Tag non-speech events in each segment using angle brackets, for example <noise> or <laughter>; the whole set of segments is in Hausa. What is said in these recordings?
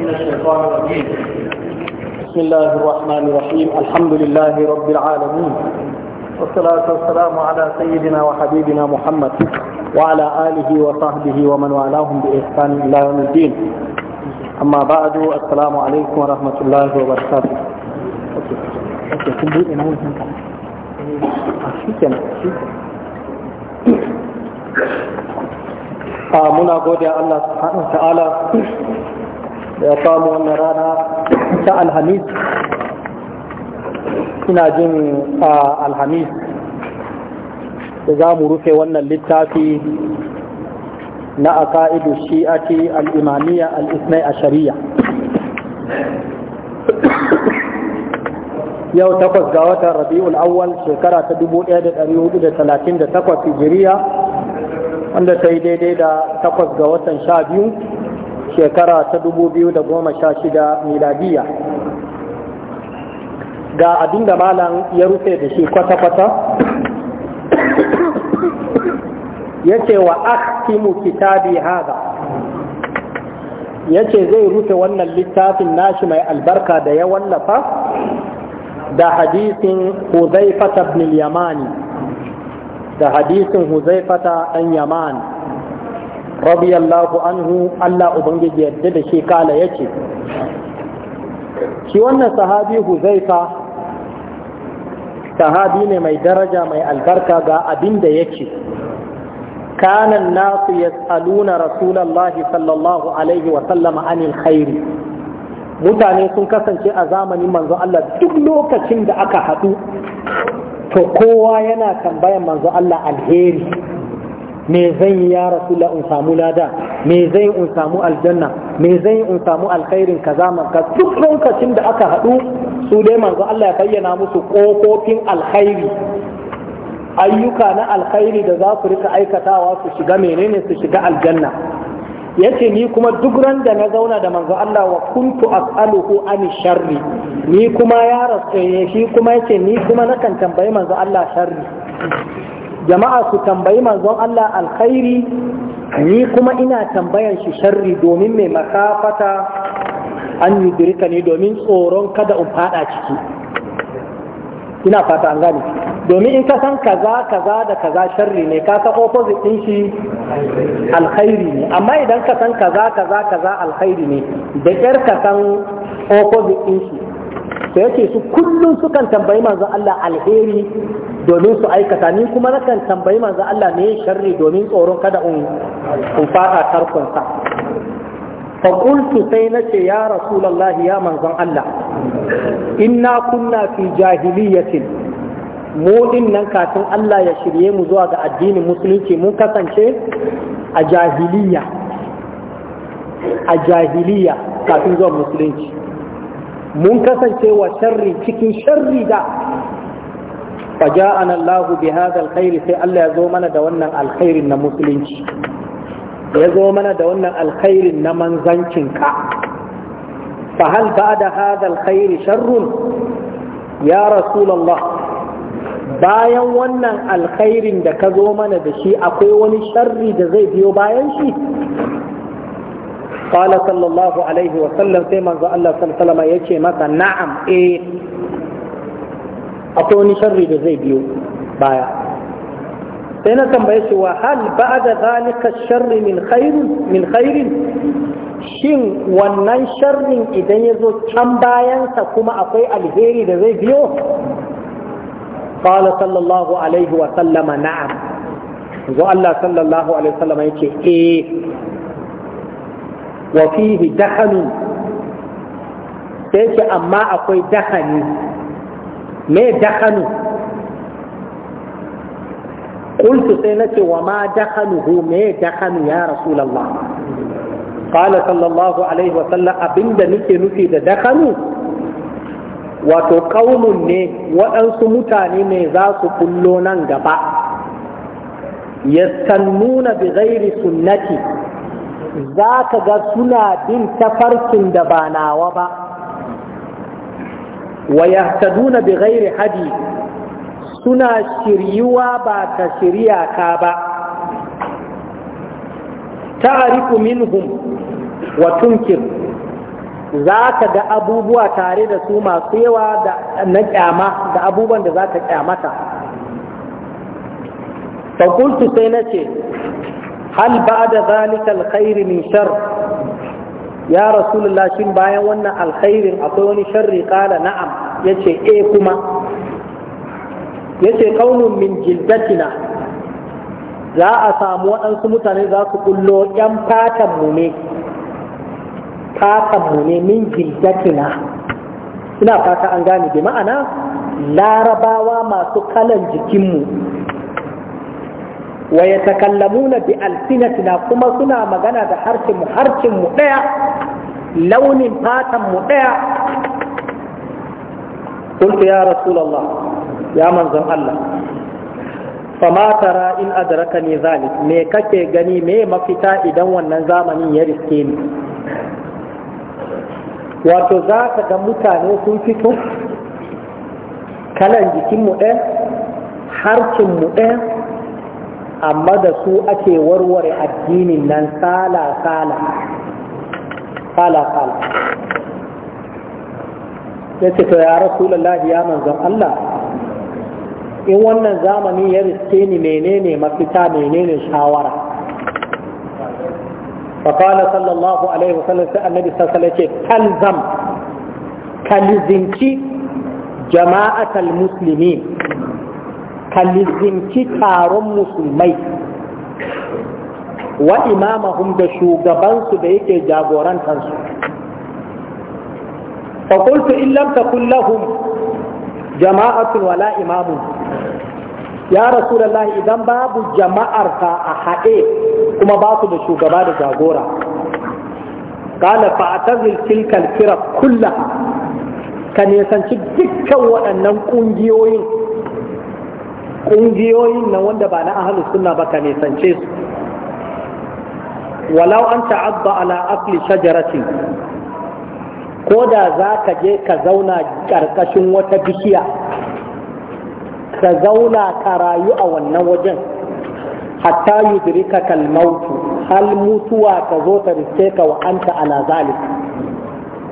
بسم الله الرحمن الرحيم الحمد لله رب العالمين والصلاة والسلام على سيدنا وحبيبنا محمد وعلى آله وصحبه ومن والاهم بإحسان إلى يوم الدين أما بعد السلام عليكم ورحمة الله وبركاته muna gode Allah subhanahu wa ta'ala ya samu wannan rana ta alhamis ina jin a alhamis da za mu rufe wannan littafi na aka'idu shi'ati alimaniya alismai a shari'a yau takwas ga watan rabi'ul awwal shekara ta 1438 hijiriya wanda ta yi daidai da takwas ga watan sha biyu shekara ta 2016 miladiya ga abin da malam ya rufe da shi kwata-kwata ya ce wa akimu kitabi haza ya ce zai rufe wannan littafin nashi mai albarka da ya wallafa da hadisin huzaifata bin yamani da hadisin huzaifata ɗan yamani radiyallahu anhu Allah ubangiji yadda da shi kala yace shi wannan sahabi Huzaifa sahabi ne mai daraja mai albarka ga abin da yake كان nasu يسألون رسول الله alaihi wa عليه وسلم عن mutane sun kasance a zamanin manzo Allah duk lokacin da aka haɗu to kowa yana tambayan manzo Allah alheri me zan yi ya rasula in samu lada me zan yi in samu aljanna me zan yi in samu alkhairin kaza ka duk lokacin da aka haɗu su dai manzo Allah ya bayyana musu ƙofofin alkhairi ayyuka na alkhairi da za su rika aikatawa su shiga menene su shiga aljanna yace ni kuma duk ran da na zauna da manzo Allah wa kuntu as'aluhu an sharri ni kuma ya rasu shi kuma yace ni kuma nakan tambayi manzo Allah sharri jama'a su tambayi manzon Allah alkhairi ni kuma ina tambayan shi sharri domin mai makafata an yudirka ne domin tsoron kada in fada ciki ina fata an gani domin in ka san kaza kaza da kaza sharri ne ka san opposite din shi alkhairi ne amma idan ka san kaza kaza kaza alkhairi ne da kyar ka san opposite din shi da yake su kullum sukan tambayi manzan Allah alheri domin su aikata ni kuma nakan tambayi manzan Allah ne sharri domin tsoron kada in in fata tarkon sa fa qultu sai nace ya rasulullah ya manzon Allah inna kunna fi jahiliyatin mu din nan kafin Allah ya shirye mu zuwa ga addinin musulunci mun kasance a jahiliya a jahiliya kafin zuwa musulunci mun kasance wa sharri cikin sharri da faja'ana Allah bi hadha alkhair sai Allah ya zo mana da wannan alkhairin na musulunci ya zo mana da wannan alkhairin na manzancin ka fa hal ba'da hadha alkhair sharrun ya rasulullah bayan wannan alkhairin da ka zo mana da shi akwai wani sharri da zai biyo bayan shi qala alaihi wa sallam sai manzo Allah sallallahu alaihi yace masa na'am eh akwai wani sharri da zai biyo baya sai na tambaye shi wa hal ba'da zalika sharri min min khairin shin wannan sharrin idan ya zo can bayansa kuma akwai alheri da zai biyo? Kala sallallahu Alaihi wasallama na'am, zo Allah sallallahu Alaihi wa fihi sai ce amma akwai dahani me dahanu qultu sai nace wa ma dahanuhu me dahanu ya rasulullah qala sallallahu alaihi wa sallam abinda nake nufi da dahanu wato kaumun ne waɗansu mutane ne za su nan gaba yastannuna bi sunnati za ka ga suna bin tafarkin da ba nawa ba wa yahtaduna bi ghairi hadi suna shiryuwa ba ta shirya ka ba ta'rifu minhum wa tunkir za ka ga abubuwa tare da su masu yawa na kyama da abubuwan da za ka kyamata fakultu sai na ce hal ba'da zalika alkhairi min shar ya rasulullah shin bayan wannan alkhairin akwai wani sharri qala na'am yace eh kuma yace qaulun min jildatina za a samu waɗansu mutane za su kullo ƴan fatan mu ne fatan mu ne min jildatina ina fata an gane bi ma'ana larabawa masu kalan jikinmu wa yatakallamuna bi na kuma suna magana da harshen daya launin fatan mu daya qultu ya rasulullah ya manzon Allah fama tara in adrakani zalik me kake gani me mafita idan wannan zamanin ya riske ni wato za ka ga mutane sun fito kalan jikinmu ɗaya harcinmu ɗaya amma da su ake warware addinin nan sala-sala sala-sala ya ce to ya rasulallah ya manzan Allah in wannan zamani ya riske ni menene mafita menene shawara فقال صلى الله عليه وسلم النبي صلى الله عليه وسلم تلزم كالزنكي جماعة المسلمين ka lizinci taron musulmai wa imamahum da shugabansu da yake jagorantansu fa qultu in lam jama'atun wala imamun ya rasulullah idan babu jama'ar ka a haɗe kuma ba su da shugaba da jagora qala fa atazil tilka al kullaha ka nisanci dukkan waɗannan ƙungiyoyin ƙungiyoyin nan wanda ba na ahalus suna ba ka nisance su walau an ta'abba ala afli shajaratin ko da za ka je ka zauna ƙarƙashin wata bishiya ka zauna ka rayu a wannan wajen hatta yudrika kal mautu hal mutuwa ka zo ta riske ka wa anta ala zalik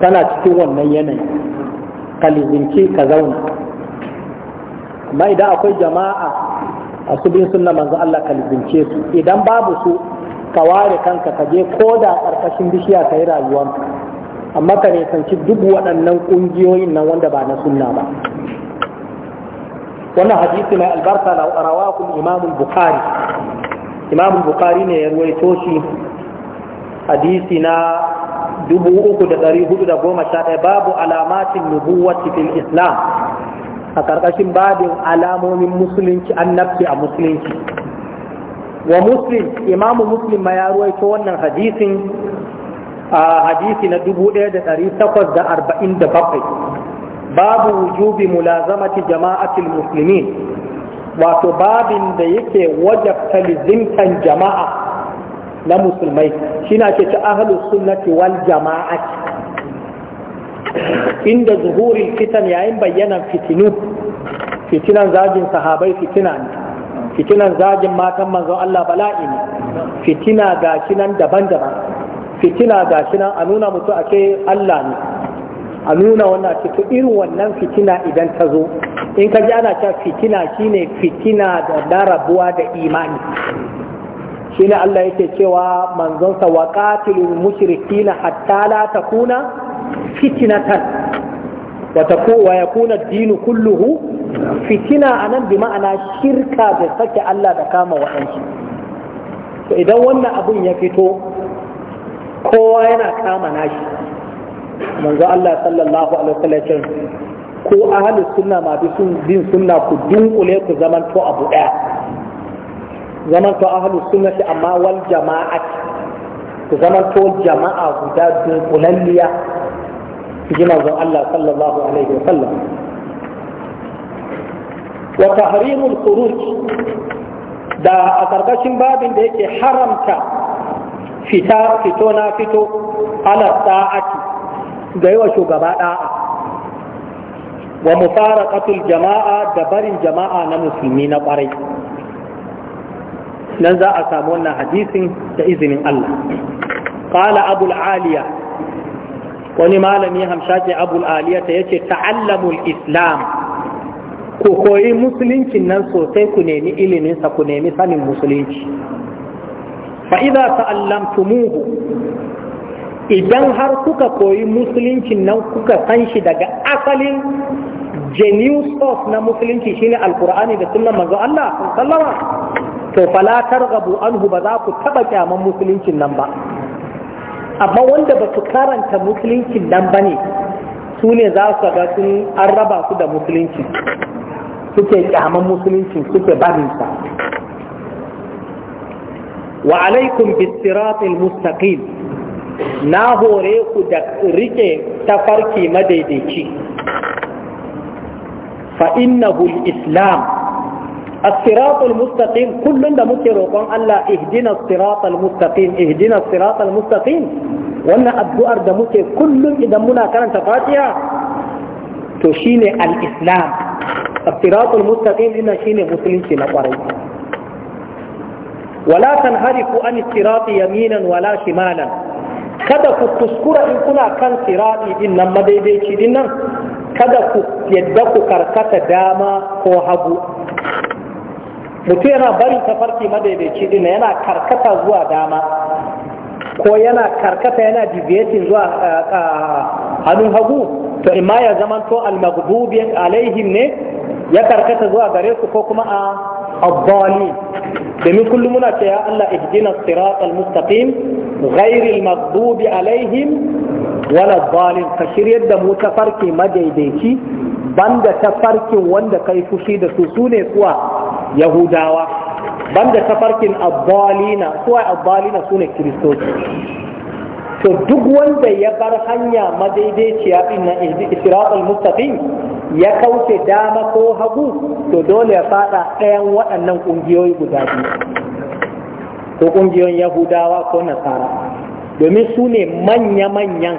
cikin wannan yanayi ka ka zauna amma idan akwai jama'a a su bin sunna manzo Allah ka lizince su idan babu su ka ware kanka ka je ko da karkashin bishiya ka yi rayuwanka amma ka sanci duk waɗannan ƙungiyoyin nan wanda ba na sunna ba wannan hadisi mai albarka na rawakun imamun bukhari imamun bukhari ne ya ruwaito shi hadisi na dubu uku da da hudu goma ɗaya babu alamatin nubuwati fil islam a ƙarƙashin babin alamomin musulunci nafsi a musulunci wa muslim imamu muslim ma ya ruwaito wannan hadisin a hadisi na 1847 babu wujubi mulazamati jama'atul muslimin wato babin da yake wajabta lizimtan jama'a na musulmai na ake ci ahalus sunnati wal jama'ati inda zuhurin fitan yayin bayyanan fitinu fitinan zagin sahabai fitina ne fitinan zagin matan manzon Allah bala'i ne fitina ga nan daban-daban fitina ga nan a nuna mutu a Allah ne a nuna wannan to irin wannan fitina idan ta zo in ka ji ana cewa fitina shine fitina da darabuwa da imani shine Allah yake cewa manzon sa waqatilul mushrikina hatta la takuna fitnatan wa ya kuna din kulluhu fitina a nan bi ma'ana shirka da sake Allah da kama waɗansu to idan wannan abun ya fito kowa yana kama nashi manzo Allah sallallahu alaihi wasallam ko ahli sunna ma bi sun bin sunna ku dunkule ku zaman to abu daya zaman to ahli sunna shi amma wal jama'at ku zaman to jama'a guda dunkulalliya ji manzon Allah sallallahu alaihi wa sallam wa tahrimul khuruj da a ƙarƙashin babin da yake haramta fita fito na fito ala sa'ati ga yawa shugaba da'a wa mufaraqatul jama'a da barin jama'a na musulmi na kwarai nan za a samu wannan hadisin da izinin Allah qala abul aliya wani malami ce abul aliyata ya ce ta'allamul islam ku koyi musuluncin nan sosai ku nemi iliminsa ku nemi sanin musulunci fa'iza ta'allamtumuhu idan har kuka koyi musuluncin nan kuka san shi daga asalin genuine of na musulunci shine alkur'ani da sunan manzo Allah sallama to fala targhabu anhu ba za ku taba kyaman musuluncin nan ba amma wanda ba su karanta musulunci nan ba ne su ne za su ga sun an raba su da musulunci suke kyaman musulunci suke barinsa wa alaikum bisiratil mustaqim na hore ku da rike tafarki madaidaici fa innahu islam الصراط المستقيم كل من مكر وقال الله اهدنا الصراط المستقيم اهدنا الصراط المستقيم وانا ابو ارد مكر كل اذا منا كانت فاتحه تشين الاسلام الصراط المستقيم لنا شين مسلم شين ولا تنحرف عن الصراط يمينا ولا شمالا كذا ku kuskura in kuna kan sirati din nan madaidaici din كذا kada ku yadda ku karkata dama ko hagu mutum yana barin tafarki madaidaici din yana karkata zuwa dama ko yana karkata yana deviating zuwa hannun hagu to imma ya zamanto al-maghdubi alaihim ne ya karkata zuwa gare su ko kuma a abbali domin kullum muna ce ya Allah ihdina sirat al-mustaqim ghairi alaihim wala dhalin ka shiryar da mu tafarki madaidaici banda tafarkin wanda kai fushi da su sune kuwa yahudawa banda tafarkin abbalina suwa abbalina su ne kiristoci to duk wanda ya bar hanya madaidaiciya din na isiratul eh, mustafi ya kauce dama ko hagu to dole ya fada ɗayan waɗannan ƙungiyoyi guda biyu ko ƙungiyoyin yahudawa ko nasara domin su ne manya-manyan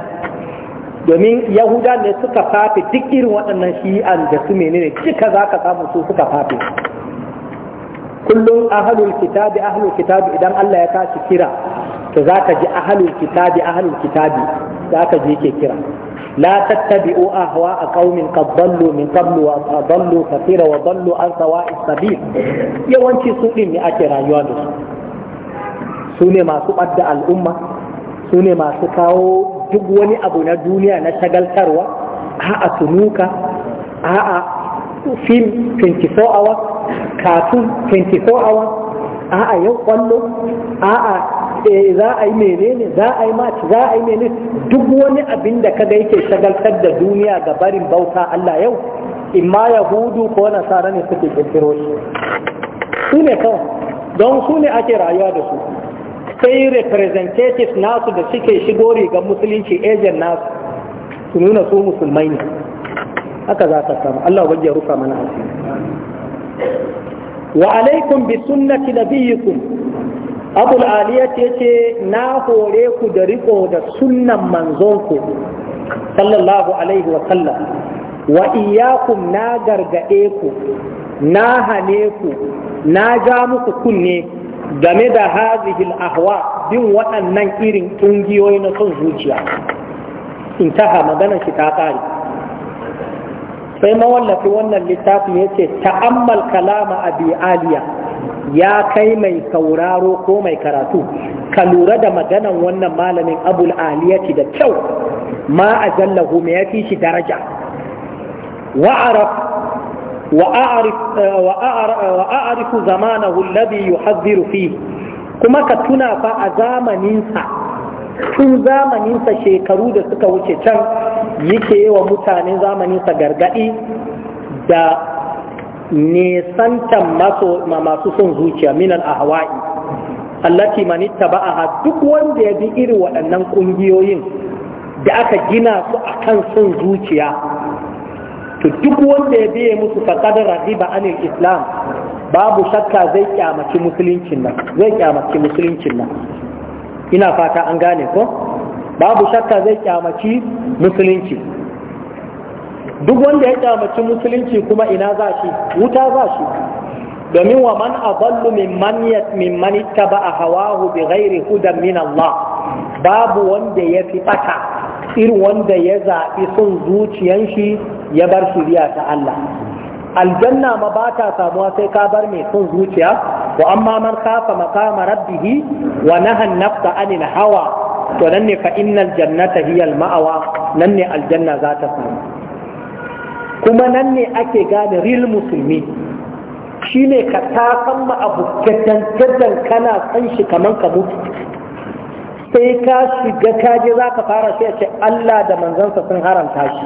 domin yahuda ne suka fafe duk irin waɗannan shi'an da su menene duka za ka samu su suka fafe kullum ahlul kitabi ahlul kitabi idan Allah ya tashi kira to zaka ji ahlul kitabi ahlul kitabi zaka je yake kira لا تتبعوا أهواء قوم قد ضلوا من قبل وضلوا كثيرا وضلوا عن سواء السبيل yawanci su ɗin ne ake rayuwa da su su ne masu ɓadda al'umma su ne masu kawo duk wani abu na duniya na shagaltarwa a'a sunuka a'a fim 24 hours kafin 24 hours a'a yau kwallo a'a eh, za a yi menene za a yi mati za a yi menene duk wani abin da kaga yake shagaltar da duniya ga barin bauta Allah yau in ma yahudu ko nasara ne suke kirkiro shi su ne kawai don su ne ake rayuwa da su sai representatives nasu da suke shigo rigar musulunci agent nasu su nuna su musulmai ne haka za ka samu Allah wajen rufa mana asiri wa alaikum bi sunnati nabiyikum abul aliya ce na hore ku da riko da sunnan ku. sallallahu alaihi wa sallam wa iyakum na gargaɗe ku na hane ku na ja muku kunne game da hazihil ahwa bin waɗannan irin ƙungiyoyi na son zuciya intaha magana shi ta ƙare sai mawallafi wannan littafin ya ce ta'ammal kalama abi aliya ya kai mai sauraro ko mai karatu ka lura da maganan wannan malamin abul aliyati da kyau ma a me ya fi shi daraja wa'arif eh, wa'arifu eh, zamanahu alladhi yuhadhiru fi kuma ka tuna fa a zamaninsa tun zamaninsa shekaru da suka wuce can yake wa mutane sa gargaɗi da nesantan masu son zuciya minan a minal ahwa'i allati ba a duk wanda ya bi iri waɗannan ƙungiyoyin da aka gina su a kan son zuciya to duk wanda ya biye musu faqad raghiba anil islam babu shakka zai kyamaci musuluncin nan zai kyamaci musuluncin nan ina fata an gane ko babu shakka zai kyamaci musulunci duk wanda ya kyamaci musulunci kuma ina za shi wuta za shi domin wa man adallu mimman mimman ittaba'a hawahu bighairi hudan min Allah babu wanda ya fi bata irin wanda ya zaɓi sun zuciyan shi ya bar shiriya ta Allah aljanna ma ba ta samuwa sai ka bar mai sun zuciya wa amma man kafa maqama rabbih wa nahan nafsa anil hawa to nan ne fa innal jannata hiya al ma'awa nan ne aljanna za ta samu kuma nan ne ake gane real musulmi shine ka ta san ma abu kana san shi kaman ka mutu sai ka shiga kaje za ka fara sai ce Allah da manzansa sun haramta shi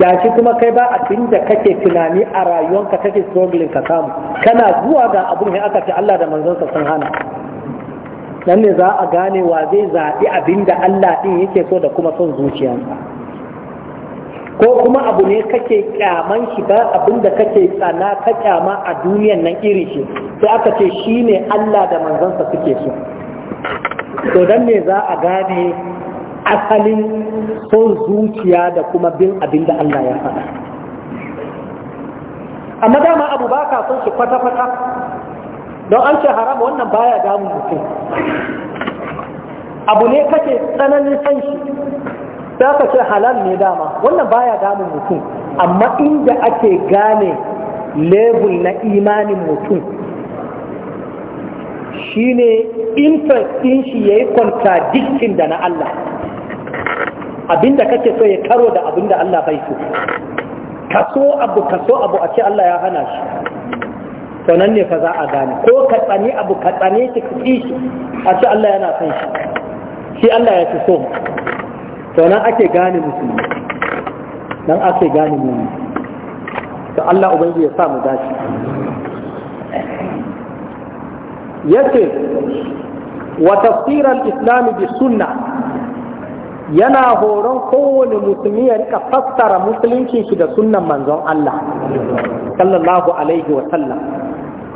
gashi kuma kai ba abin da kake tunani a rayuwanka kake struggling ka samu kana zuwa ga abun ne aka ce Allah da manzansa sun hana nan ne za a gane wa zai zaɓi abin da Allah ɗin yake so da kuma son zuciyarsa ko kuma abu ne kake kyaman shi ba abin da kake tsana ka kyama a duniyan nan iri shi sai aka ce shi ne Allah da manzansa suke so to dan ne za a gane asalin son zuciya da kuma bin abin da Allah ya faɗa amma dama abu ba ka son shi kwata-kwata don an ce haram wannan baya damun mutum abu ne kake tsananin san shi za ka ce halal ne dama wannan baya damun mutum amma inda ake gane lebul na imanin mutum shine interest ɗin shi ya yi contradiction da na Allah abinda kake so ya karo da abinda Allah bai so kaso abu kaso abu a ce Allah ya hana shi to nan ne fa za a gane ko ka tsani abu ka tsani shi ka shi a ce Allah yana son shi shi Allah ya fi so to nan ake gane musulmi nan ake gane musulmi to Allah ubangiji ya sa mu dace yace wa tafsir al-islam bi sunnah yana horon kowane musulmi ya rika fassara musulunci shi da sunnan manzon Allah sallallahu alaihi wa sallam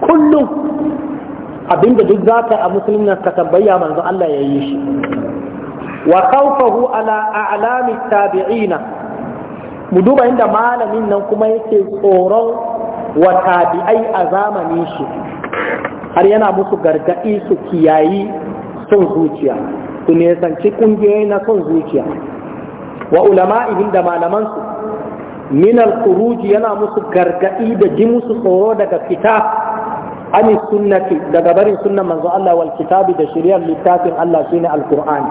kullum abinda duk za ka a musulmin ka tambaya manzo Allah ya yi shi wa khawfahu ala a'lami tabi'ina mu duba inda malamin nan kuma yake tsoron wa tabi'ai a zamanin shi har yana musu gargaɗi su kiyayi son zuciya su nesanci ƙungiyoyi na son zuciya wa ulama'ihim da malamansu min al yana musu gargaɗi da ji musu tsoro daga fita ani sunnati daga barin sunnan manzo Allah wal kitabi da shari'ar littafin Allah shine alquran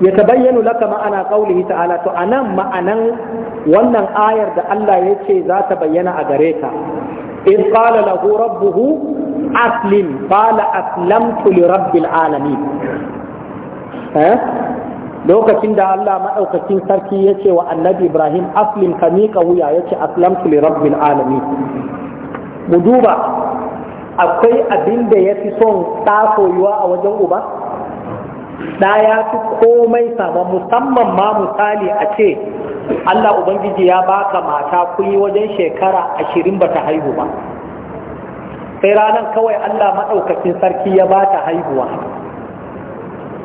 ya tabayyanu laka ma'ana qawlihi ta'ala to anan ma'anan wannan ayar da Allah yace za ta bayyana a gare ka in qala lahu rabbuhu aslim qala aslamtu li rabbil alamin eh? lokacin da Allah maɗaukacin sarki ya ce wa annabi Ibrahim aslim ka miƙa wuya ya ce aslamtu rabbil alamin mu duba akwai abin da ya fi son ɗa a wajen uba ɗa ya fi komai sama musamman ma misali a ce Allah Ubangiji ya baka mata kuli wajen shekara ashirin ba ta haihu ba sai ranar kawai Allah maɗaukacin sarki ya ba ta haihuwa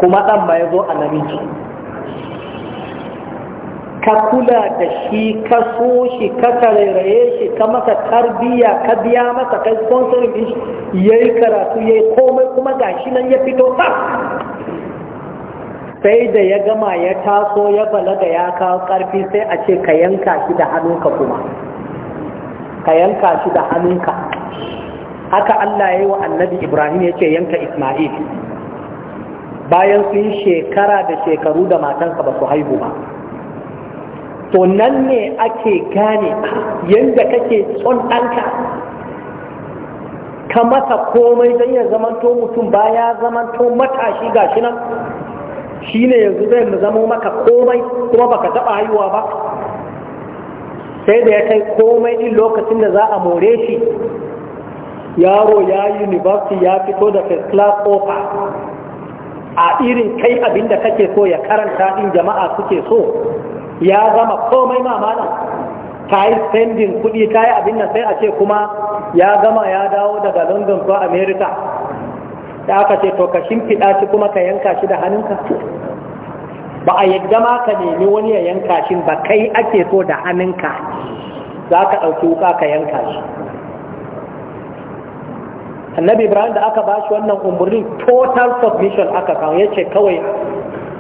kuma ɗan ba ya zo a namiji ka kula da shi ka so shi ka karairaye shi ka masa tarbiyya ka biya masa kai sponsorin din shi yayi karatu yayi komai kuma gashi nan ya fito ta sai da ya gama ya taso ya balaga ya kawo karfi sai a ce ka yanka shi da hannunka kuma ka yanka shi da hannunka haka Allah ya yi wa annabi Ibrahim ya ce yanka Ismail bayan sun shekara da shekaru da matansa ba su haihu ba to nan ne ake gane yadda kake tson ɗanka ka masa komai don ya zamanto mutum baya zamanto matashi ga shi nan shi ne yanzu zai zama maka komai kuma baka taɓa haihuwa ba sai da ya kai komai ɗin lokacin da za a more shi yaro ya yi university ya fito da first class offer a irin kai abinda kake so ya karanta ɗin jama'a suke so ya zama komai mamana ka yi sendin kuɗi ka yi abin nan sai a ce kuma ya gama ya dawo daga london ko america da aka ce to ka shimfiɗa shi kuma ka yanka shi da hannunka ba a yadda ma ka nemi wani ya yanka shi ba kai ake so da hannunka za ka ɗauki wuka ka yanka shi annabi ibrahim da aka ba shi wannan umarnin total submission aka kawo ya ce kawai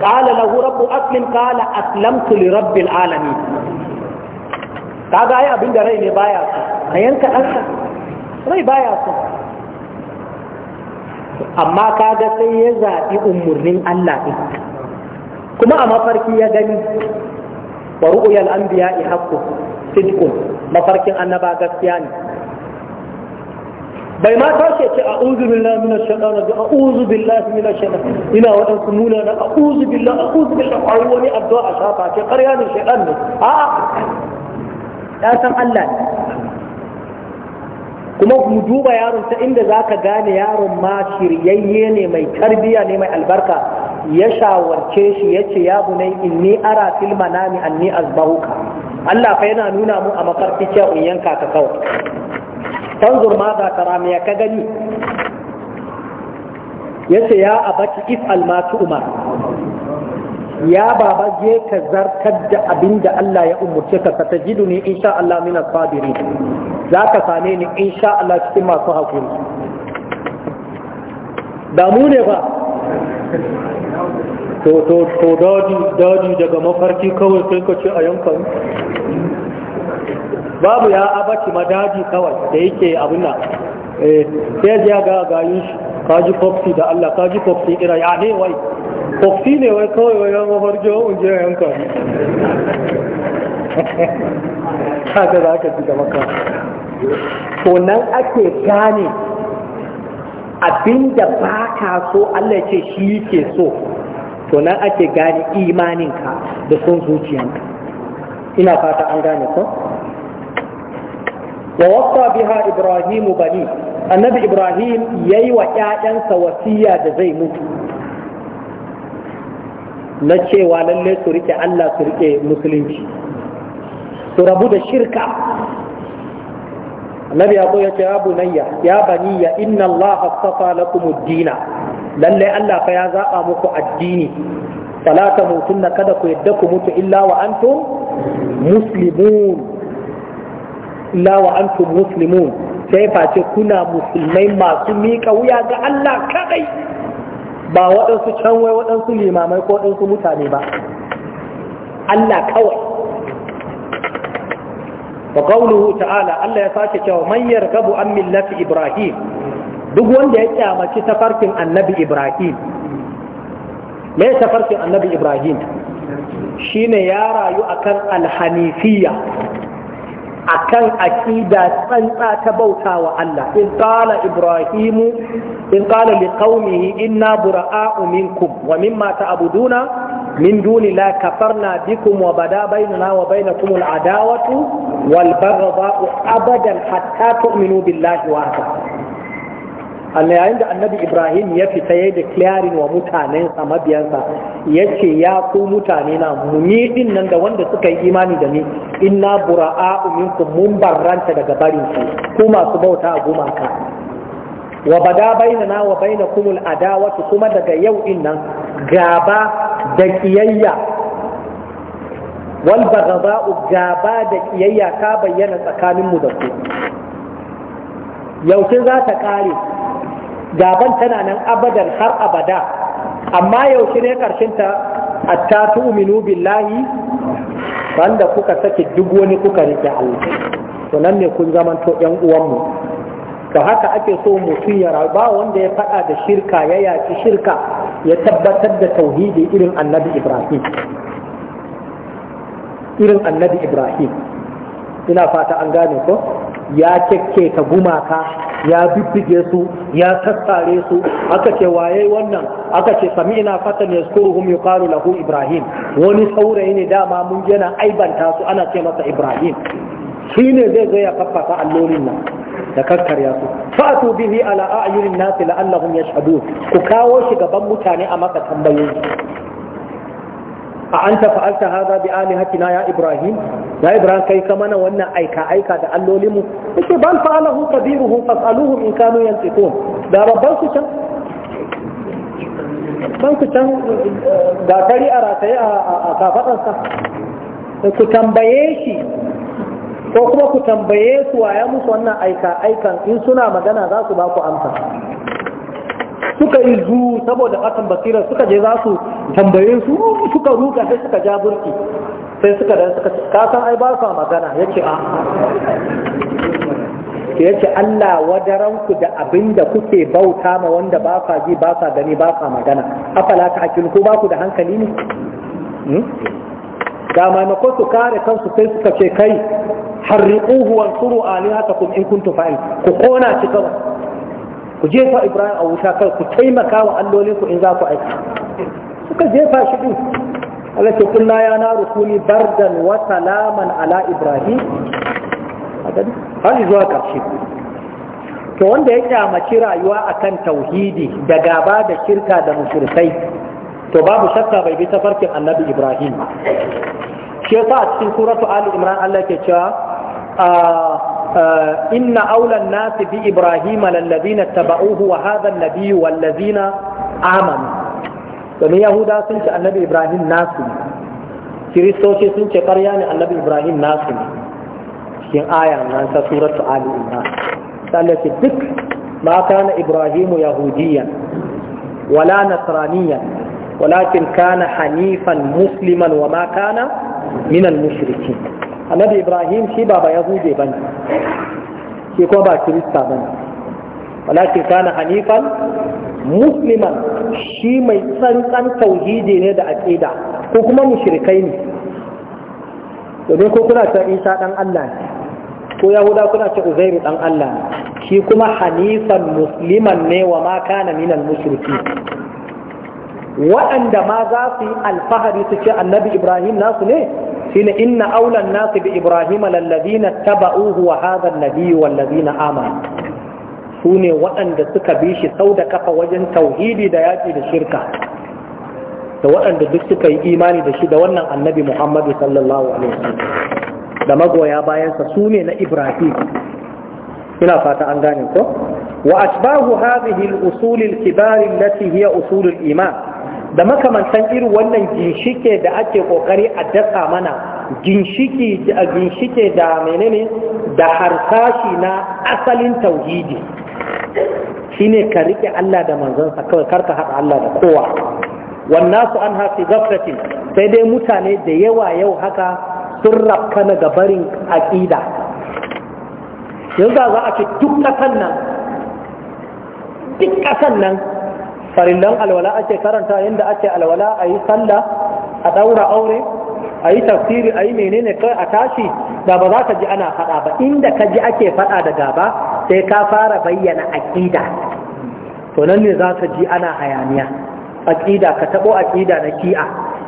qala lahu rabbu aslim qala aslamtu li rabbil alamin kaga ai abinda rai ne baya so ka yanka ɗanka rai baya so amma kaga sai ya zaɓi umarnin Allah ɗin kuma a mafarki ya gani wa mafarkin annaba gaskiya ne bai ma tashi ce a uzu billahi min shaytan da a uzu billahi min shaytan ina wadan kumuna da a uzu billahi a uzu billahi a wani addu'a a shafa ce ƙarya ne shaytan ne a ya san Allah ne kuma mu duba yaron ta inda zaka gane yaron ma shiryayye ne mai tarbiyya ne mai albarka ya shawarce shi ya yace ya bunai inni ara fil manami anni azbahuka Allah fa yana nuna mu a makarfi cewa in yanka ka kawai tanzur ma za tara me ka gani Ya ce ya abati if almatu umar ya baba je ka zartar da abin da Allah ya umurce ka ka tajiduni insha Allah min asabiri za ka same ni insha Allah cikin masu hakuri da mu ne ba to to to daji daga mafarki kawai sai ka ce a yankan babu ya abaci madadi kawai da yake abin nan eh, sai ya ga gayin shi kaji kofi da Allah kaji kofi ira ya ne wai kofi ne wai kawai wai yan mafarjo unje yanka <laughs> haka za ka shiga maka to nan ake gane abinda ba ka so Allah ce shi ke so to nan ake gane imaninka da son zuciyanka ina fata an gane ko wa wasa biha ibrahimu bani annabi ibrahim yayi wa ƴaƴansa wasiya da zai mutu na cewa lalle su rike Allah su rike musulunci su rabu da shirka annabi yaqo ya ce ya bunayya ya baniya inna Allah astafa lakum ad-dina Allah fa ya zaba muku addini fala tamutunna kada ku yadda ku mutu illa wa antum illa wa antum muslimun sai face kuna musulmai masu miƙa wuya ga Allah kadai ba waɗansu canwai waɗansu limamai ko waɗansu mutane ba Allah kawai wa qawluhu ta'ala Allah ya sake cewa man yargabu an millati ibrahim duk wanda ya kyamaci farkin annabi ibrahim me farkin annabi ibrahim shine ya rayu akan alhanifiya akan aqida tsantsa ta bauta wa Allah in qala ibrahimu in qala liqaumihi inna bura'a'u minkum wa mimma ta'buduna min duni la kafarna bikum wa bada bainana wa bainakum al'adawatu wal baghdha abadan hatta tu'minu billahi wahdahu Allah yayin da annabi Ibrahim ya fita ya declaring wa mutanensa mabiyansa ya ce ya ku mutane na muni din nan da wanda suka yi imani da ni inna bura'a minkum mun barranta daga barin ku ku masu bauta a gumaka wa bada bainana wa bainakumul adawatu kuma daga yau din nan gaba da kiyayya wal baghdha'u gaba da kiyayya ka bayyana tsakaninmu da ku yaushe za ta kare gaban tana nan abadan har abada amma yaushe ne ta atta tu'minu billahi wanda kuka sake duk wani kuka rike Allah to nan ne kun zamanto yan uwanmu to haka ake so mutum ya ba wanda ya faɗa da shirka ya yaki shirka ya tabbatar da tauhidi irin annabi Ibrahim irin annabi Ibrahim ina fata an gane ko ya kekke ka gumaka ya bibbige su ya tattare su aka ce waye wannan aka ce sami'na fatan yaskuruhum yuqalu lahu ibrahim wani saurayi ne dama mun yana aibanta su ana ce masa ibrahim shine zai zo ya kaffasa allolin nan da kakkarya su fatu bihi ala a'yunin nasi la'allahum yashhadu ku kawo shi gaban mutane a maka tambayoyi a anta fa'alta hadha bi alihatina ya ibrahim ya ibrahim kai ka mana wannan aika aika da allolinmu yace bal fa'alahu kabiruhum fas'aluhum in kanu yantiqun da babban su can san ku can gatari a rataye a kafaɗarsa ku tambaye shi ko kuma ku tambaye su waya musu wannan aika aikan in suna magana za su ba ku amsa suka yi zu saboda ɓatan basira suka je za su tambaye su suka ruka sai suka ja burki sai suka da suka kasan ai ba sa magana yake a yake Allah wadaranku da abinda da kuke bauta ma wanda ba sa ji ba sa gani ba sa magana afala ka akil ko ba ku da hankali ne hmm? da maimakon su kare kansu sai suka ce kai harriquhu suru alihatakum in kuntum fa'il ku kona shi kawai ku jefa Ibrahim a wuta kai ku taimaka wa allolinku in za ku aiki suka jefa shi din Allah ce kullu ya na rukuni bardan wa salaman ala ibrahim har zuwa karshe to wanda ya kyamaci rayuwa akan tauhidi da gaba da shirka da mushrikai to babu shakka bai bi tafarkin annabi ibrahim shi yasa a cikin suratu ali imran Allah ke cewa inna aulan nasi bi ibrahim lalladhina taba'uhu wa hadha an-nabiyyu wallazina amanu domin yahuda sun ce annabi ibrahim nasu kiristoci sun ce ƙarya ne annabi ibrahim nasu ne cikin aya nan ta suratu ali imran Allah ce duk ma kana ibrahim yahudiyan wala nasraniyan walakin kana hanifan musliman wa ma kana minal mushrikin annabi ibrahim shi ba ba yahude bane shi ko ba kirista bane walakin kana hanifan musliman shi mai tsantsan tauhidi ne da aƙida ko kuma mushrikai ne domin ko kuna ta isa ɗan Allah ne ko yahuda kuna ce uzairu ɗan Allah ne shi kuma hanifan musliman ne wa ma kana minal mushriki waɗanda ma za su yi alfahari su ce annabi ibrahim nasu ne shine inna aulan nasu bi ibrahim lalladina taba'uhu wa hadha an-nabiyyu wallazina amanu su ne waɗanda suka bi shi sau da kafa wajen tauhidi da yaƙi da shirka da waɗanda duk suka yi imani da shi da wannan annabi muhammadu sallallahu alaihi da magoya bayansa su ne na ibrahim ina fata an gane ko wa asbahu hadhihi al-usul al-kibar allati hiya usul al-iman da makamantan irin wannan ginshike da ake kokari a dasa mana ginshiki da ginshike da menene da harsashi na asalin tauhidi shine ka rike Allah da manzansa kawai karka haɗa Allah da kowa wannan su an hafi gafrati sai dai mutane da yawa yau haka sun rafkana ga barin aƙida yanzu za a ce duk ƙasan nan duk ƙasan nan farillan alwala ake karanta yadda ake alwala a yi sallah a ɗaura aure a yi tafsiri a yi menene kai a tashi da ba za ka ji ana faɗa ba inda ka ji ake faɗa da gaba sai ka fara bayyana aƙida to nan ne za ka ji ana hayaniya aƙida ka taɓo aƙida na ki'a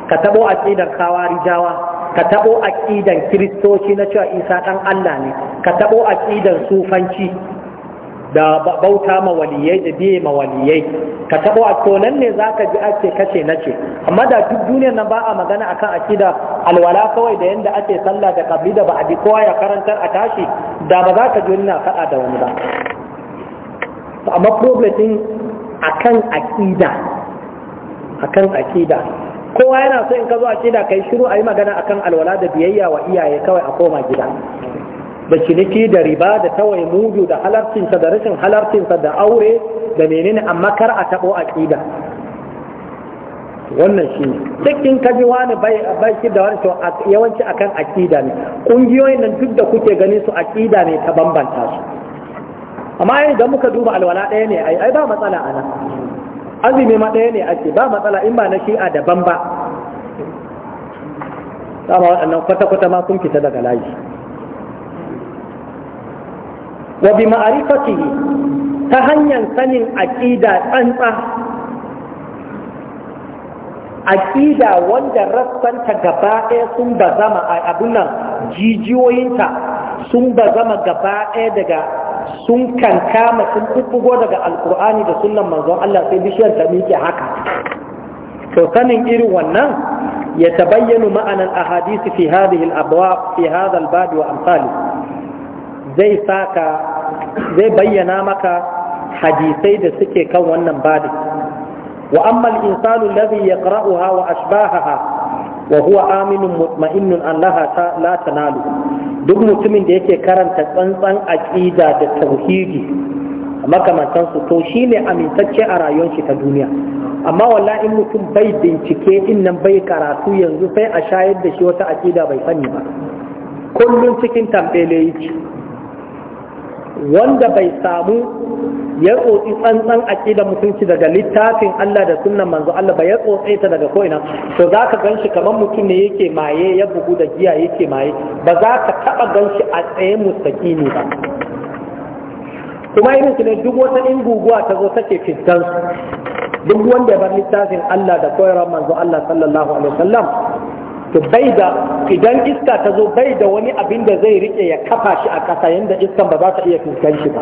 ka taɓo aƙidar kawarijawa ka taɓo aƙidan kiristoci na cewa isa ɗan allah ne ka taɓo aƙidan sufanci da bauta ma waliyai da biye ma ka tabo a tonan ne zaka ji ake kace nace amma da duk duniyar nan ba a magana akan akida alwala kawai da yanda ake sallah da kabli da ba'adi kowa ya karantar a tashi da ba za ka ji na faɗa da wani ba amma problem din akan akida akan akida kowa yana so in ka zo akida yi shiru a yi magana akan alwala da biyayya wa iyaye kawai a koma gida da ciniki da riba da ta'wai mudu da halartinsa da rashin halartinsa da aure da menene amma kar a tabo aqida wannan shi duk in kaji wani bai shi da wani to yawanci akan aqida ne kungiyoyin nan duk da kuke gani su aqida ne ta bambanta su amma idan muka duba alwala ɗaya ne ai ai ba matsala ana azumi ma ɗaya ne ake ba matsala in ba na shi'a daban ba dama waɗannan kwata-kwata ma sun fita daga layi wa bi ma'rifatihi ta hanyar sanin aqida tsantsa aqida wanda rassanta gaba ɗaya sun bazama a abun nan jijiyoyinta sun bazama gaba ɗaya daga sun kankama sun kukkugo daga alkur'ani da sunan manzon Allah sai bishiyar ta miƙe haka to sanin irin wannan ya tabayyana ma'anan ahadisi fi hadhihi al abwa fi hadha al-bab wa amsalih zai saka zai bayyana maka hadisai da suke kan wannan babin wa amma al-insanu alladhi yaqra'uha wa ashbahaha wa huwa aminun mutma'innun allaha la tanalu duk mutumin da yake karanta tsantsan aqida da tauhidi makamantan su to shine amintacce a rayuwar shi ta duniya amma wallahi in mutum bai bincike din nan bai karatu yanzu sai a shayar da shi wata aqida bai sani ba kullum cikin tambele yake wanda bai samu ya tsotsi tsantsan aƙida mutunci daga littafin Allah da sunnan manzo Allah ba ya tsotse ta daga ko'ina to za ka gan shi kamar mutum ne yake maye ya bugu da giya yake maye ba za ka taɓa gan shi a tsaye ne ba kuma irin su ne duk wata in guguwa ta zo take fitan duk wanda ya bar littafin Allah da koyarwa manzo Allah sallallahu alaihi wasallam to bai da idan iska ta zo bai da wani abin da zai rike ya kafa shi a ƙasa yadda iskan ba za ta iya fuskan shi ba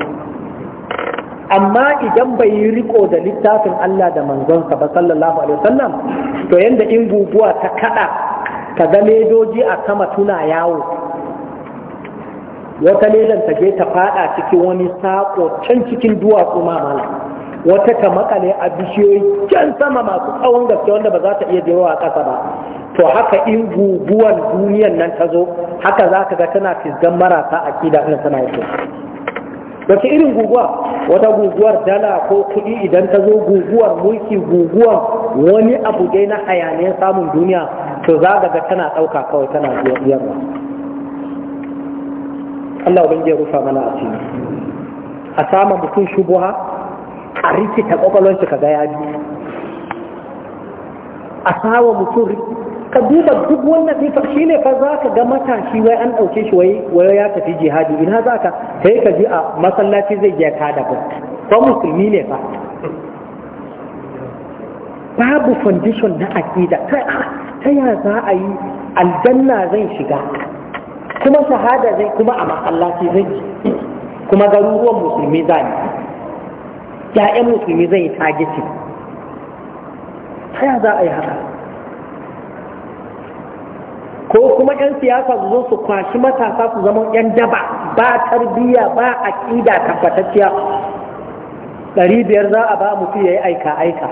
amma idan bai yi riko da littafin Allah da manzonsa ba sallallahu alaihi wasallam to yadda in guguwa ta kada ta ga ledoji a sama tuna yawo wata ledan ta je ta fada cikin wani sako can cikin duwatsu mala, wata ta makale a bishiyoyi can sama masu tsawon gaske wanda ba za ta iya a ƙasa ba to haka in guguwar duniyan nan ta zo haka za ka ga tana fisgan marasa a kida ɗin tana yi wace irin guguwa wata guguwar dala ko kuɗi idan ta zo guguwar mulki guguwar wani abu dai na hayaniyar samun duniya to za ka ga tana ɗauka kawai tana ba Allah wani ya rufa mana cikin a sama mutum shubuha a rikita kwakwalwar shi kaga ya bi a sama mutum ka duba duk wannan fifa shi ne fa za ka ga matashi wai an ɗauke shi wai wai ya tafi jihadi ina za ka sai ka ji a masallaci zai je ka da ba ko musulmi ne fa babu foundation na aqida ah, ta ya za a yi aljanna zai shiga kuma shahada zai kuma a masallaci zai kuma garuruwan musulmi za ya'yan musulmi zai yi tagiti ta ya za a yi haka ko kuma 'yan siyasa su zo su kwashi matasa su zama 'yan daba ba tarbiyya ba aƙida tabbatacciya ɗari biyar za a ba mutum ya yi aika aika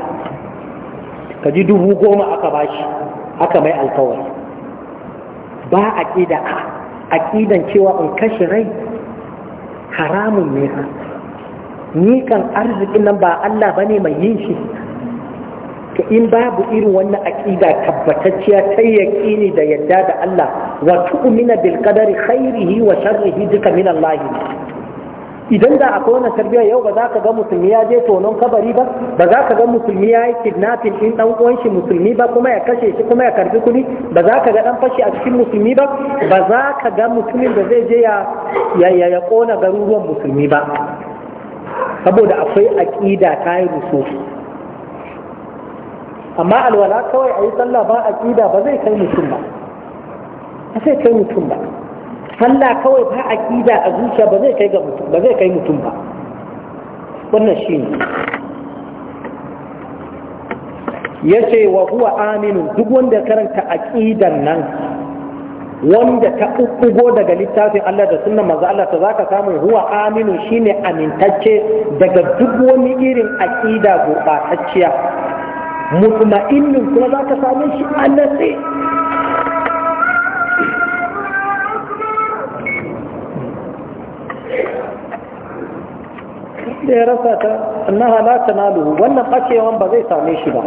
ka ji dubu goma aka ba shi aka mai alkawari ba aƙida aƙidan cewa in kashe rai haramun ne ni kan arzikin nan ba Allah bane mai yin shi in babu irin wannan aqida tabbatacciya ta yaqini da yadda da Allah wa tu'mina bil qadari khairihi wa sharrihi duka min Allah idan da akwai wannan yau ba za ka ga musulmi ya je tonon kabari ba ba za ka ga musulmi ya yi kidnapping din dan uwan shi musulmi ba kuma ya kashe shi kuma ya karbi kuɗi ba za ka ga dan fashi a cikin musulmi ba ba za ka ga mutumin da zai je ya ya ya kona garuruwan musulmi ba saboda akwai aqida ta yi rusufu amma alwala kawai a yi sallah ba aqida ba zai kai mutum ba ba zai kai mutum ba sallah kawai ba a ƙida a zuciya ba zai kai ga mutum ba zai kai mutum ba wannan shine yace wa huwa aminu duk wanda karanta aqidan nan wanda ta ukugo daga littafin Allah da sunan manzo Allah ta zaka samu huwa aminu shine amintacce daga duk wani irin aqida gurbatacciya mutma'innin kuma za ka same shi a nasi da ya rasa ta na halata na luhu wannan ɓacewan ba zai same shi ba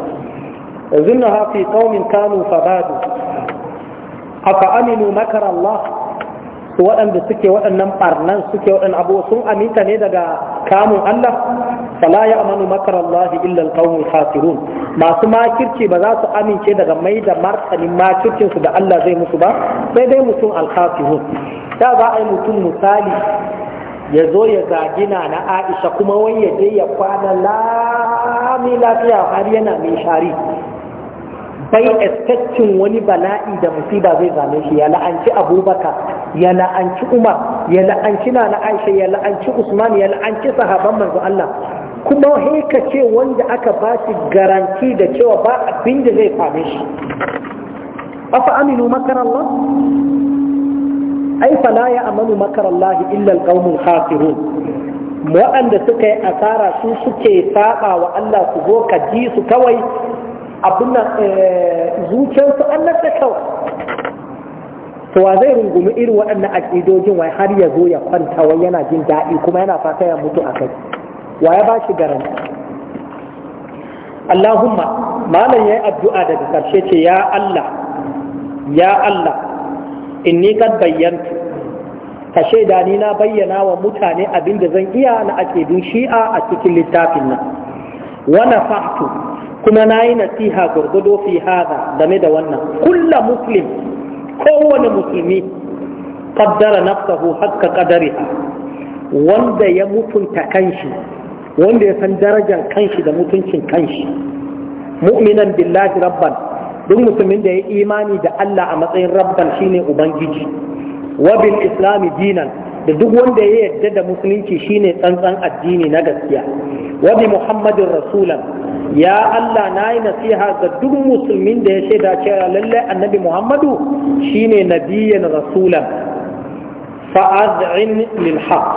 yanzunna hafi fi qaumin kanu fabadu aminu makar Allah waɗanda suke waɗannan barnan suke waɗannan abuwa sun aminta ne daga kamun Allah fala ya amanu makarallahi illa alqawmul khasirun masu makirci ba za su amince daga mai da martanin makircin su da Allah zai musu ba sai dai mutum alkhasirun da za a yi mutum misali ya zo ya zagina na Aisha kuma wai ya je ya kwana lami lafiya har yana mai shari bai expecting wani bala'i da musiba zai zame shi ya la'anci abubakar ya la'anci umar ya la'anci na na aisha ya la'anci usman ya la'anci sahaban manzo Allah kuma haika ce wanda aka ba shi garanti da cewa ba abin da zai fame shi afa aminu makar Allah ai fala ya amanu makar Allah illa khasirun waɗanda suka yi asara su suke saba wa Allah su zo ka ji su kawai abin nan eh, zuciyarsu Allah ta kawai to wa zai rungumi irin waɗannan aƙidojin wai har ya zo ya kwanta wai yana jin daɗi kuma yana fata ya mutu a kai wa ya ba shi garan? Allahumma malam yi addu'a daga karshe ce ya Allah ya Allah inni kad bayyantu ka shaida ni na bayyana wa mutane abin da zan iya na bin shi'a a cikin littafin nan Wani nafahtu kuma nayi nasiha gurgudo fi hada game da wannan kulla muslim kowane musulmi qaddara nafsahu hakka kadari wanda ya mutunta kanshi wanda ya san darajar kanshi da mutuncin kanshi mu'minan billahi rabban duk musulmin da ya imani da Allah a matsayin rabban shine ubangiji wa bil islami dinan da duk wanda ya yarda da musulunci shine tsantsan addini na gaskiya wa bi muhammadin rasulan ya Allah na yi nasiha ga duk musulmin da ya shaida cewa lallai annabi muhammadu shine nabiyyan rasulan fa'az'in lil haqq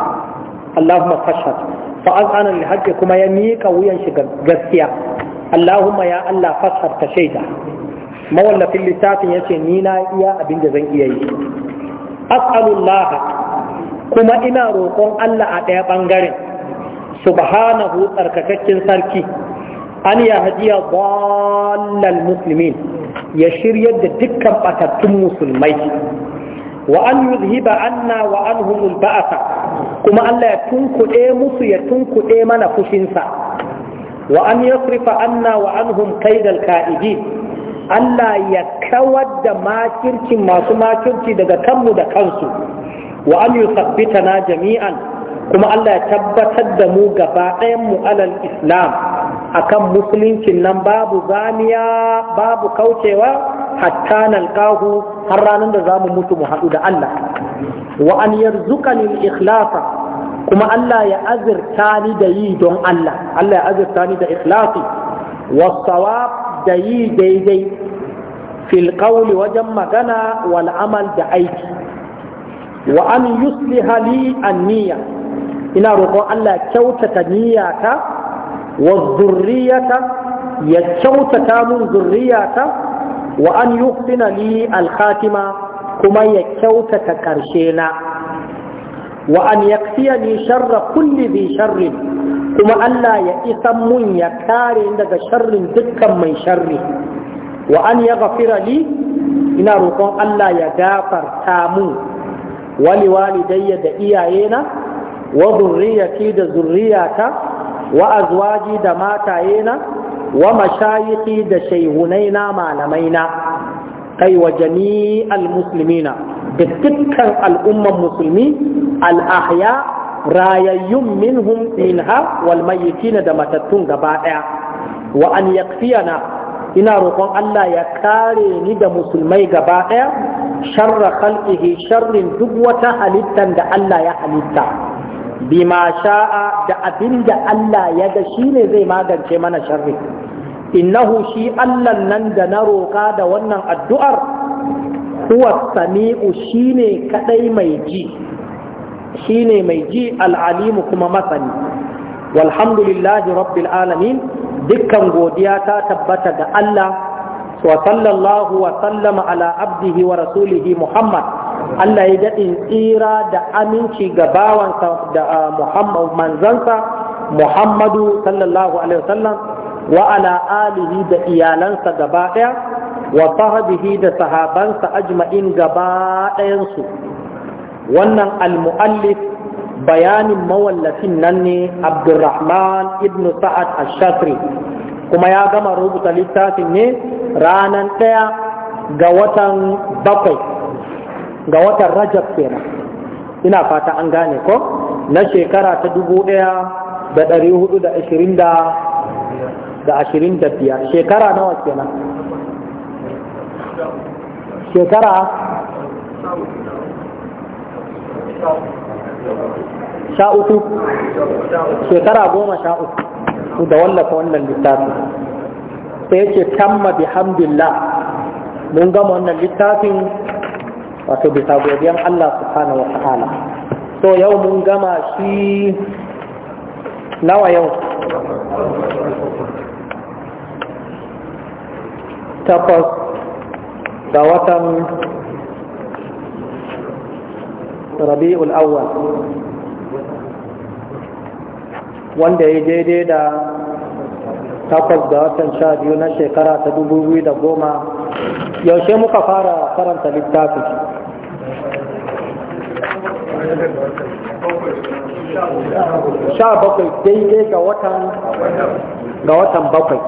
allahumma fashhad fa azana lil haqq kuma ya mika wuyan shi gaskiya Allahumma ya Allah fashar ta shaida mawallafin littafin yace ni na iya abin da zan iya yi as'alullah kuma ina roƙon Allah a ɗaya ɓangaren subhanahu tsarkakakken sarki an ya hajiya dallal muslimin ya shiryar da dukkan batattun musulmai wa an yuzhiba anna wa anhum ba'asa kuma Allah ya tunkuɗe musu ya tunkuɗe mana fushinsa wa an yasrifa anna wa anhum kaidal ka'idin Allah ya kawar da makircin masu makirci daga kanmu da kansu wa an yusabbitana jami'an kuma Allah ya tabbatar da mu gaba ɗayan mu alal islam akan musuluncin nan babu zamiya kaucewa hatta kahu. har ranar da zamu mutu mu haɗu da Allah wa an yarzuqani al-ikhlasa kuma Allah ya azirta ni da yi don Allah Allah ya azirta ni da ikhlasi wa sawab da yi daidai fil qawli wajen magana wal amal da aiki wa an yusliha li an-niyya ina roƙon Allah kyautata niyyata wa zurriyata ya kyautata mun zurriyata wa an yuqtina li al kuma ya kyautata ƙarshe na wa an yakfiya li sharra kulli bi sharrin kuma Allah ya isa mun ya kare daga sharrin dukkan mai sharri wa an li ina roƙon Allah ya gafarta mu wali walidayya da iyayena wa zurriyati da zurriyata wa azwaji da matayena wa mashayikhi da shaihunaina malamaina kai wa jami'al muslimina da dukkan al'umman musulmi al'ahya rayayyun minhum minha wal mayyitina da matattun gaba daya wa an yakfiyana ina roƙon Allah ya kare ni da musulmai gaba ɗaya sharra khalqihi sharrin duk wata halittan da Allah ya halitta bima sha'a da abin da Allah ya ga shine zai magance mana sharri innahu shi Allah nan da na roƙa da wannan addu'ar huwa sami'u shine kadai mai ji shine mai ji al'alimu kuma masani walhamdulillahi rabbil alamin dukkan godiya ta tabbata ga Allah wa sallallahu wa sallama ala abdihi wa rasulihi Muhammad Allah ya daɗin tsira da aminci ga bawansa da ah, Muhammad manzansa Muhammadu sallallahu alaihi wasallam wa ala alihi da iyalansa gaba daya wa sahbihi da sahabansa ajma'in gaba su wannan almu'allif bayanin mawallafin nan ne Abdurrahman ibn Sa'ad Ash-Shatri kuma ya gama rubuta littafin ne ranan daya ga watan bakwai ga watan Rajab kenan ina fata an gane ko na shekara ta dubu ɗaya da ɗari hudu da ashirin da da ashirin da biyar shekara nawa kenan shekara sha uku shekara goma sha uku da wallafa wannan littafin sai ce tamma bihamdillah mun gama wannan littafin wato bisa godiyan Allah subhanahu wa ta'ala so yau mun gama shi nawa yau takwas ga watan rabi'ul awwal wanda ya daidai da takwas ga watan sha biyu na shekara ta dubu biyu da goma yaushe muka fara karanta littafi sha bakwai daidai ga watan bakwai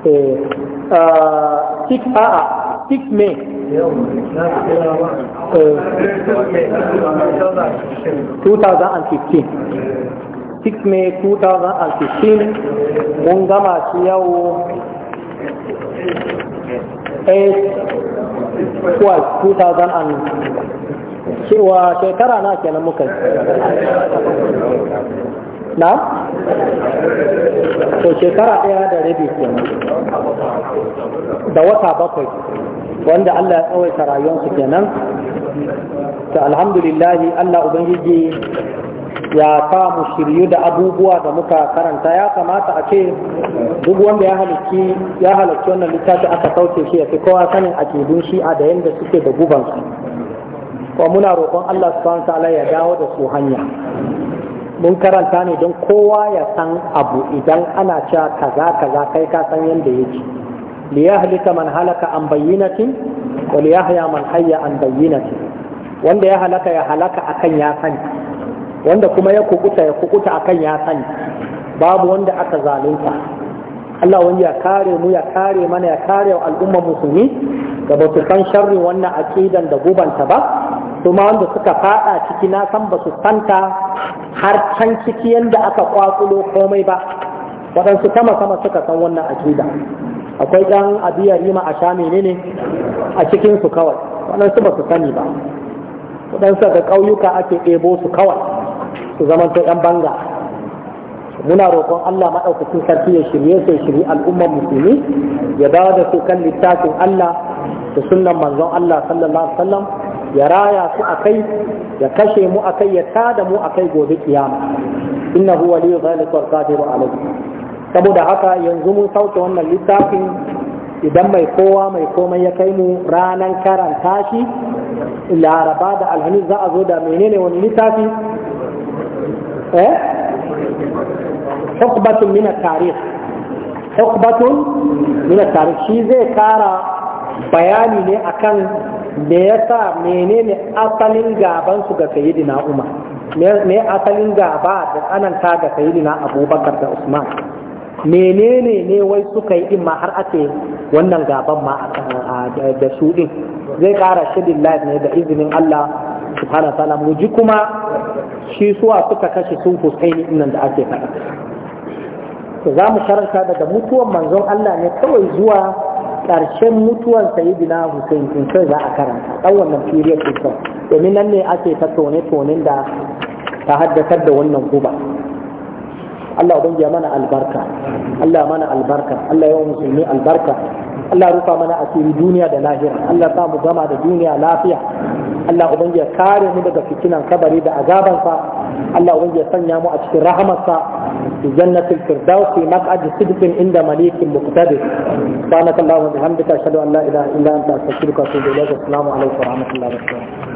Eh, eh, ah, ah, six a a may me eh, thousand a fifteen six may mun gama shi yau a 2000 cewa shekara na kenan muka na? to shekara ɗaya da rabi kenan da wata bakwai wanda Allah ya tsawaita rayuwarsu kenan ta alhamdulillahi Allah Ubangiji ya mu shiryu da abubuwa da muka karanta ya kamata a ce duk wanda ya halarci ya halarci wannan littafi aka sauke shi ya fi kowa sanin a shi a da yadda suke da gubansu wa muna roƙon Allah subhanahu wa ta'ala ya dawo da su hanya mun karanta ne don kowa ya san abu idan ana cewa kaza kaza kai ka san yadda yake Liya yahlika man halaka an bayyinatin wa li yahya man hayya an bayyinatin wanda ya halaka ya halaka akan ya sani wanda kuma ya kukuta ya kukuta akan ya sani babu wanda aka zalunta Allah wani ya kare mu ya kare mana ya kare wa al'ummar musulmi da ba su san sharrin wannan aqidan da gubanta ba kuma wanda suka fada ciki na san ba su santa har can ciki yadda aka kwakulo komai ba waɗansu sama sama suka san wannan akida akwai ɗan abiya rima a sha menene a cikin su kawai waɗansu ba su sani ba waɗansu da ƙauyuka ake ɗebo su kawai su ta ɗan banga muna roƙon Allah maɗaukacin sarki ya shirye su shirye al'ummar musulmi ya dawo da su kan littafin Allah da sunan manzon Allah sallallahu alaihi wasallam ya raya su akai ya kashe mu akai ya tada mu akai gobe kiyama innahu waliyyu dhalika wal qadiru alayh saboda haka yanzu mun sauke wannan littafin idan mai kowa mai komai ya kai mu ranan karanta shi laraba da alhamis za a zo da menene wani littafi eh hukbatun min tarikh hukbatun min tarikh shi zai kara bayani ne akan da ya sa menene asalin gabansu ga sayidina umar me asalin gaba da tsananta ga sayidina abubakar da usman menene ne wai suka yi ma har ake wannan gaban ma da su zai kara shidin live ne da izinin Allah subhanahu ta'ala mu ji kuma shi suwa suka kashe sun Husaini nan da ake faɗa za mu karanta daga mutuwan manzon Allah ne kawai zuwa ƙarshen mutuwar sayidina Hussein din kai za a karanta ɗan wannan period din kai domin nan ne ake ta tone tonen da ta haddasar da wannan guba Allah ubangiya mana albarka Allah mana albarka Allah yawan musulmi albarka Allah rufa mana asiri duniya da lahira Allah sa mu gama da duniya lafiya Allah ubangi ya kare mu daga fitinan kabari da azabansa Allah ubangi ya sanya mu a cikin rahamarsa fi jannatil firdaus fi maq'adi sidqin inda malikin muqtadir subhanakallahumma wa bihamdika ashhadu an la ilaha illa anta astaghfiruka wa atubu ilaik assalamu alaikum wa rahmatullahi wa barakatuh